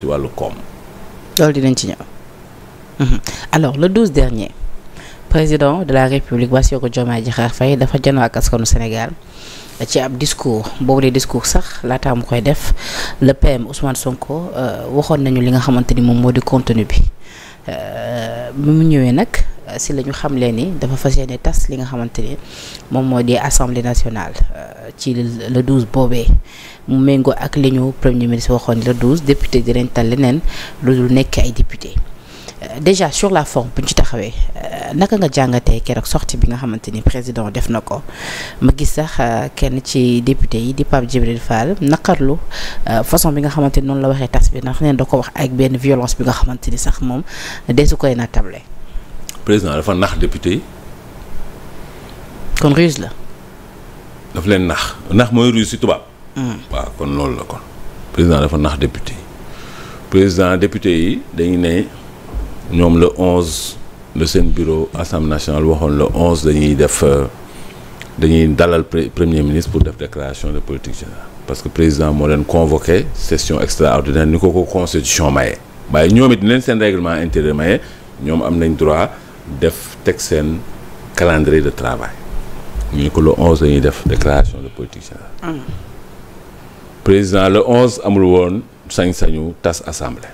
ci wàllu koom. loolu dinañ ci ñëw. Mhm. alors le 12 dernier président de la république Bassirou Diomaye Diakhar fay dafa janoo ak askanu senegal ci ab discours boobu de discours sax laataa mu koy def le PM Ousmane Sonko euh, waxoon nañu li nga xamante ni moom moo di contenu bi euh, bi mu ñëwee nag. si la ñu xamle ni dafa fas yéene tas li nga xamante ni moom moo di assemblée nationale euh, ci le 12 boobee mu méngoo ak li ñu premier ministre waxoon le 12 député dinañ leneen lu nekk ay député euh, déjà sur la forme bu ñu ci taxawee euh, naka nga jàngatee keroog sortie bi nga xamante ni président def na ko ma gis sax kenn ci député yi di Pape Djibril Fall naqarlu façon bi nga xamante ni noonu la waxee tas bi ndax neen da ko wax ak benn violence bi nga xamante ni sax moom desu koy natable président dafa nax député yi. kon ruse la. daf leen nax nax mooy ruse si tubaab. Hmm. waaw kon loolu la kon président dafa nax député yi président député yi dañu ne ñoom la 11 le seen bureau assemblée nationale waxoon le la dañuy def dañuy dalal premier ministre pour def déclaration de politique générale parce que président moo leen convoqué session extraordinaire ni ko ko constitution maye. waaye ñoom it leen seen règlement intérieur maye ñoom am nañ droit. def teg seen calendrier de travail. ñu ne ko le 11 la def déclaration de politique générale. Ah. président le onze amul woon sañ-sañu tas assemblée.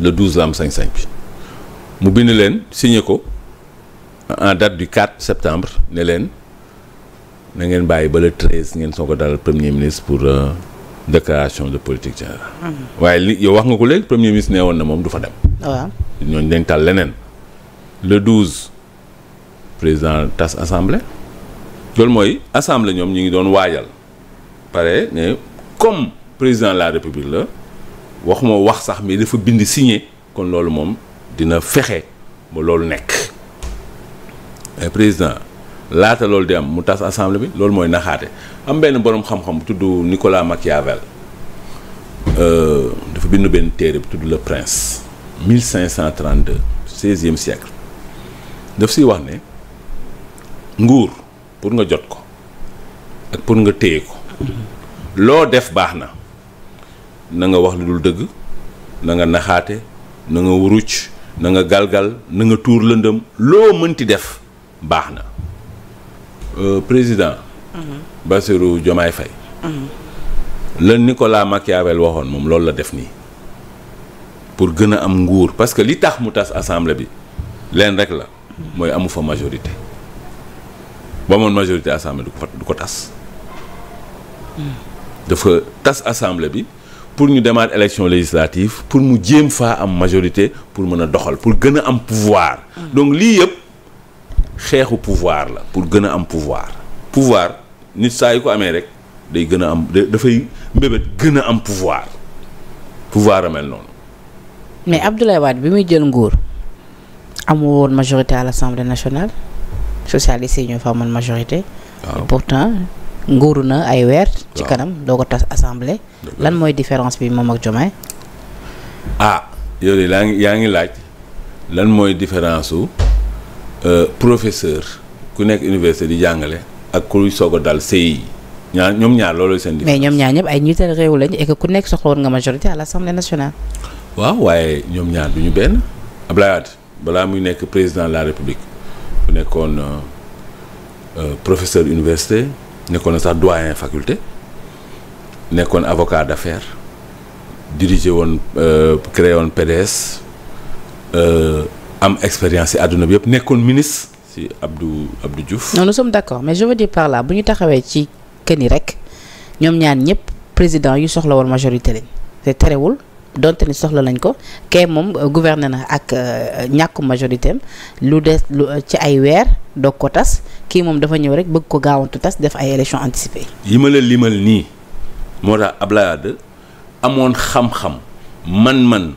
le 12 la am sañ-sañ bi. mu bind leen signé ko en date du 4 septembre ne leen nangeen bàyyi ba le 13 ngeen soo ko dalal premier ministre pour euh, déclaration de politique générale. Ah. waaye li yow wax nga ko léegi premier ministre nee woon na moom du fa dem. waaw ah. ñooñu dañ tal leneen. le 12 président tas assemblée loolu mooy assemble ñoom ñu ngi doon waajal pare ne comme président la république la waxuma wax sax mais dafa bind signe kon loolu moom dina fexe ba loolu nekk président laata loolu di am mu tass assemble bi loolu mooy naxaate am benn boroom xam-xam tudd Nicolas Machiavel euh, dafa bind benn téere bu tudd Le Prince 1532 16e siècle daf si wax ne nguur pour nga jot ko ak pour nga téye ko loo def baax na na nga wax lu dul dëgg na nga naxaate na nga wuruc na nga galgal na nga tuur lëndëm loo mënti def baax na euh, président Bassirou Diomaye Faye la Nicolas Machiavel waxoon moom loolu la def nii pour gën a am nguur parce que li tax mu tas assemblée bi leen rek la mooy amu fa majorité ba amoon majorité assemblée du ko du ko tas. dafa tas assemblée bi pour ñu demaat élection législative pour mu jéem faa am majorité pour mën a doxal pour gën a am pouvoir. Mm. donc lii yëpp xeexu pouvoir la pour gën a am pouvoir. pouvoir nit saa ko amee rek day gën a am dafay mbébét gën a am pouvoir pouvoir a mel noonu. mais Abdoulaye bi muy jël nguur. amoo woon majorité à l'Assemblée nationale socialiste yi ñoo fa amoon majorité. pourtant nguuru na ay weer. ci kanam doo ko tas assemblée. lan mooy différence bi moom ak Diomaye. ah yow laa ngi yaa ngi laaj lan mooy différence su euh, professeur ku nekk université di jàngale ak kuy soog a dal CI ñaar ñoom ñaar loolu seen. différence mais ñoom ñaar ñëpp ay njiital réew lañu et que ku nekk soxla woon nga majorité à l'Assemblée nationale. waaw waaye ñoom ñaar du ñu benn Abdoulaye Wade balaa muy nekk président de la république bu nekkoon euh, euh, professeur université nekkoon na sax doyen faculté nekkoon avocat d'affaires dirigé woon euh, créé woon PDS am expérience ci àdduna bi yëpp nekkoon ministre ci Abdou Abdou Diouf. non nous sommes d'accord mais je veux dire par là bu ñu taxawee ci kenn yi rek ñoom ñaan ñëpp président yu soxla woon majorité lañ te terewul. donte ni soxla nañ ko kee moom euh, gouverner na ak euh, ñàkku majorité am lu des lu euh, ci ay weer doog ko tas kii moom dafa ñëw rek bëgg ko gaawantu tas def ay élection anticipée yi ma la limal nii moo tax Abdoulaye Wade amoon xam-xam man-man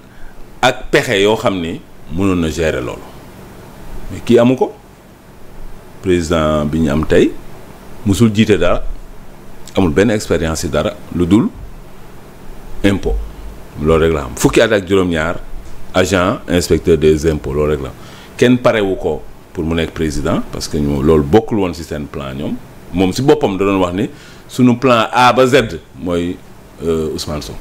ak pexe yoo xam ne mënoon na gérer loolu mais kii amu ko président bi ñu am tey mosul jiite dara amul benn expérience yi dara lu dul impôt loolu rek la am fukki at ak juróom-ñaar agent inspecteur des impôts loolu rek la am kenn parewu ko pour mu nekk président parce que ñoom loolu bokkul woon ci seen plan ñoom moom ci boppam da doon wax ni sunu plan A ba Z mooy euh, Ousmane Sonko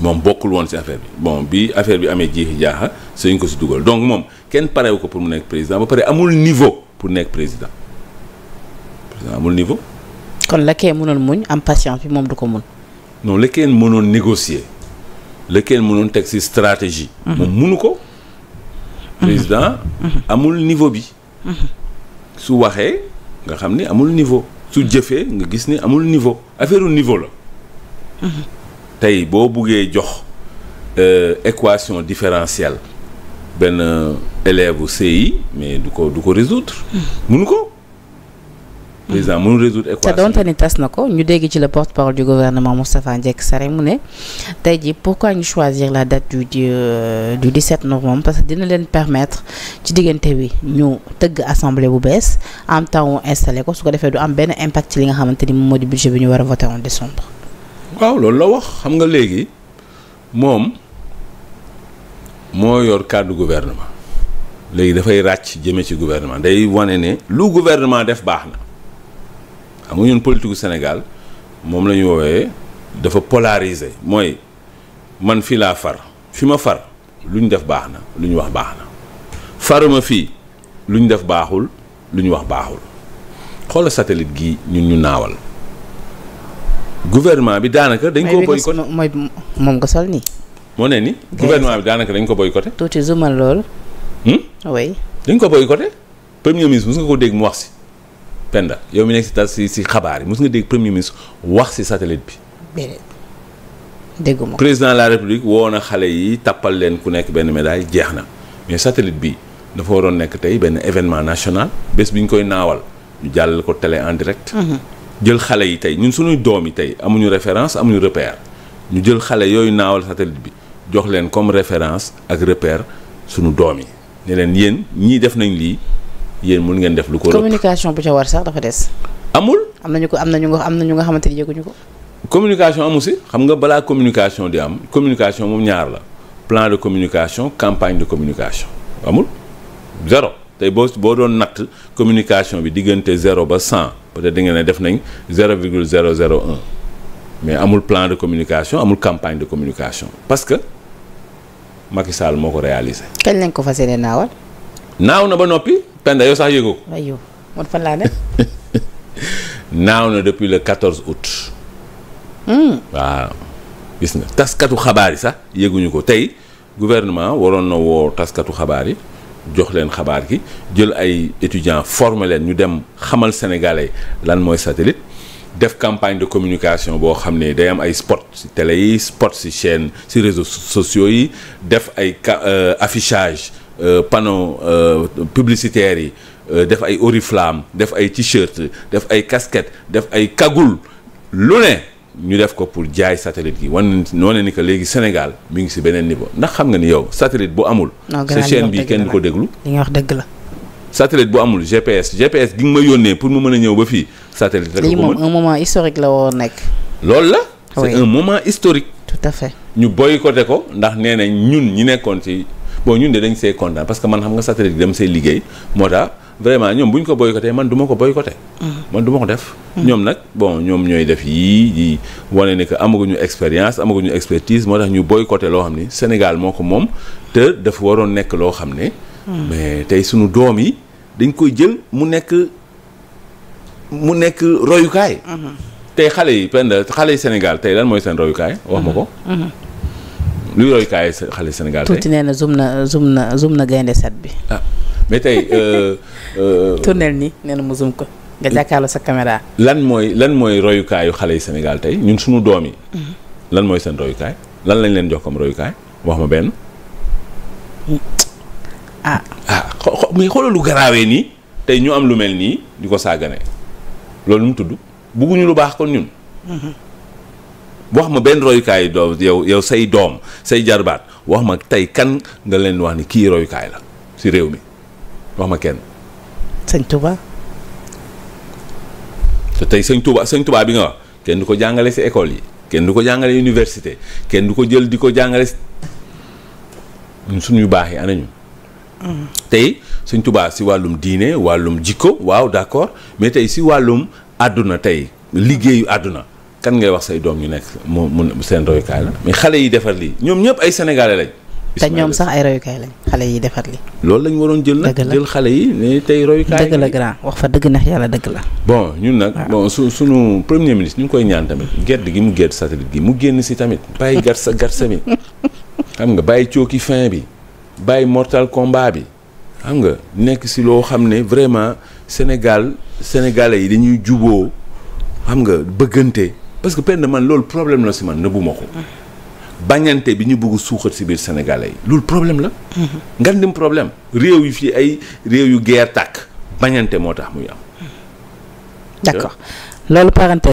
moom bokkul woon ci affaire bi bon bi affaire bi amee jiixi jaaxa suñ ko si dugal donc moom kenn parewu ko pour mu nekk président ba pare amul niveau pour nekk président amul niveau. kon la kee mënoon muñ am patience bi moom du ko mun. non la kenn mënoon négocier la kenn mënoon teg ci stratégie. Mhm. moom mënu ko. Mhm. président mhm. amul niveau bi. su waxee nga xam ni amul niveau su jëfee nga gis ni amul niveau affaire niveau la. tey boo buggee jox euh, équation différentielle benn euh, élève CI mais du ko du ko résoudre. mënu ko. président mënul résoudre équation. te ni tas na ko ñu dégg ci la porte parole du gouvernement Moustapha Ndiaye Sarr mu ne tey jii pourquoi ñu choisir la date du du euh, novembre parce que dina leen permettre ci diggante bi ñu tëgg assemblée bu bees en temps installé ko su ko defee du am benn impact ci li nga xamante ni moom moo di budget bi ñu war a voté en décembre. waaw loolu la wax xam nga léegi moom moo yor kàddu gouvernement léegi dafay ràcc jëme ci gouvernement da wane ne lu gouvernement def baax na. xam nga ñun politique moom la ñu woowee dafa polariser mooy man fii laa far fi ma far lu ñu def baax na lu ñu wax baax na faruma fii lu ñu def baaxul lu ñu wax baaxul xoola satelit gii ñun ñu naawal gouvernement bi daanaka dañ ko boycotté mooy moom nga sol nii moo ne ni gouvernement bi daanaka dañ ko boy tuuti zumal lool hmm? oui dañ ko boycotté premier ministre mos nga ko dégg mu wax si Penda yow mi nekk si tas si si xabaar yi mos nga dégg premier ministre wax si satellite bi. déedéet dégguma président la république woo na xale yi tappal leen ku nekk benn médaille jeex na mais satellite bi dafa waroon nekk tey benn événement national bés bi ñu koy naawal ñu jàllale ko télé en direct. Mhm. jël xale yi tey ñun suñuy doom yi tey amuñu référence amuñu repère ñu jël xale yooyu naawal satellite bi jox leen comme référence ak repère suñu doom yi ne leen yéen ñii def nañ lii. yéen mun ngeen def lu ko. communication bu ca war sax dafa des. amul. am nañu ko am na ñu am nañu nga xamante ni yëguñu ko. communication amu si xam nga balaa communication di am communication moom ñaar la plan de communication campagne de communication amul zéro tey boo boo doon natt communication bi diggante zéro ba cent peut-être da ne def nañ zéro virgule zéro zéro un mais amul plan de communication amul campagne de communication parce que Macky moo ko réalisé. kañ lañ ba noppi. Penda yow sax yëgoo ko. aywa man fan laa ne. naaw na depuis le 14 août. Hmm. waaw gis nga taskatu xabaar yi sax yëguñu ko tey gouvernement waroon na woo taskatu xabaar yi jox leen xabaar gi jël ay étudiants forme leen ñu dem xamal sénégalais lan mooy satellite. def campagne de communication boo xam ne day am ay spot ci télé yi spot ci chaîne ci réseaux sociaux yi def ay euh, affichage Euh, panneau euh, publicitaire yi euh, def ay oriflamme def ay t-shirt def ay casquette def ay cagoule lu ne ñu def ko pour jaay satelite yi wan noo ne ni que léegi Sénégal mu ngi si beneen niveau ndax xam nga ni yow satellite bu amul sa chaîne bi kenn du ko déglu li nga wax dëgg la satellite bu amul GPS GPS gi nga ma yónnee pour mu mën a ñëw ba fii satellite rek lii moom un moment historique la woon nekk loolu la c'est un moment historique tout à fait ñu boycotté ko ndax nee nañ ñun ñu nekkoon ci bon ñun de dañ see kontaan parce que man xam nga satellite bi dem see liggéey moo tax vraiment ñoom bu ñu ko boycotté man duma ma ko boycotté. Mm-hmm. man du ma ko def. Mm-hmm. ñoom nag bon ñoom ñooy def yii di wane ne que amaguñu expérience amaguñu expertise moo tax ñu boycotté loo xam ne Sénégal moo ko moom te dafa waroon nekk loo xam ne. Mm-hmm. mais tey suñu doom yi dañ koy jël mu nekk mu nekk royukaay. tey xale yi pend xale yi Sénégal tey lan mooy seen royukaay wax ma ko. luy roy kaay xale Sénégal tey tuuti nee na zoom na zoom na zoom na gaynde set bi. ah mais tey. Euh, euh, tournel nii nee na mu zoom ko. nga jàkkaarloo sa caméra. lan mooy lan mooy royukaayu xale yi Sénégal tey ñun suñu doom yi. Mhm. lan mooy seen royukaay lan lañ leen jox comme royukaay wax ma benn. ah ah lu garaawee nii tey ñu am lu mel nii di ko saaganee loolu mu tudd bugguñu lu baax kon ñun. Mhm. wax ma benn royukaay doom yow yow say doom say jarbaat wax ma tey kan nga leen wax ni kii royukaay la si réew mi wax ma kenn. sëñ Touba. te tey sëñ tubaa sëñ Touba bi nga wax kenn du ko jàngale si école yi kenn du ko jàngale université kenn du ko jël di ko jàngale suñu baax yi anañu mm. tey sëñ Touba si wàllum diine wàllum jikko waaw d'accord mais tey si wàllum àdduna tey liggéeyu àdduna. kan ngay wax say doom ñu nekk mu mu seen royukaay la mais xale yi defar li ñoom ñëpp ay sénégalais lañ. te ñoom sax ay royukaay lañ xale yi defar lii. loolu lañ waroon jël nag jël xale yi ne tey royukaay. dëgg la grand wax fa dëgg neex la. bon ñun nag su suñu premier ministre ñu ngi koy ñaan tamit gedd gi mu gedd satellite gi mu génn si tamit bàyyi garsa garsa bi xam nga bàyyi cooki fin bi bàyyi mortal combat bi xam nga nekk si loo xam ne vraiment Sénégal sénégalais yi dañuy juboo xam nga bëggante. parce que penn man loolu problème la si man nëbbuma ko mm-hmm. bañante bi ñu bëgg suuxat si biir sénégalais yi loolu problème la mm-hmm. ngan problème réew yu fii ay réew yu guerre tàkk bañante moo tax muy am mm-hmm. d'accord loolu parenthèse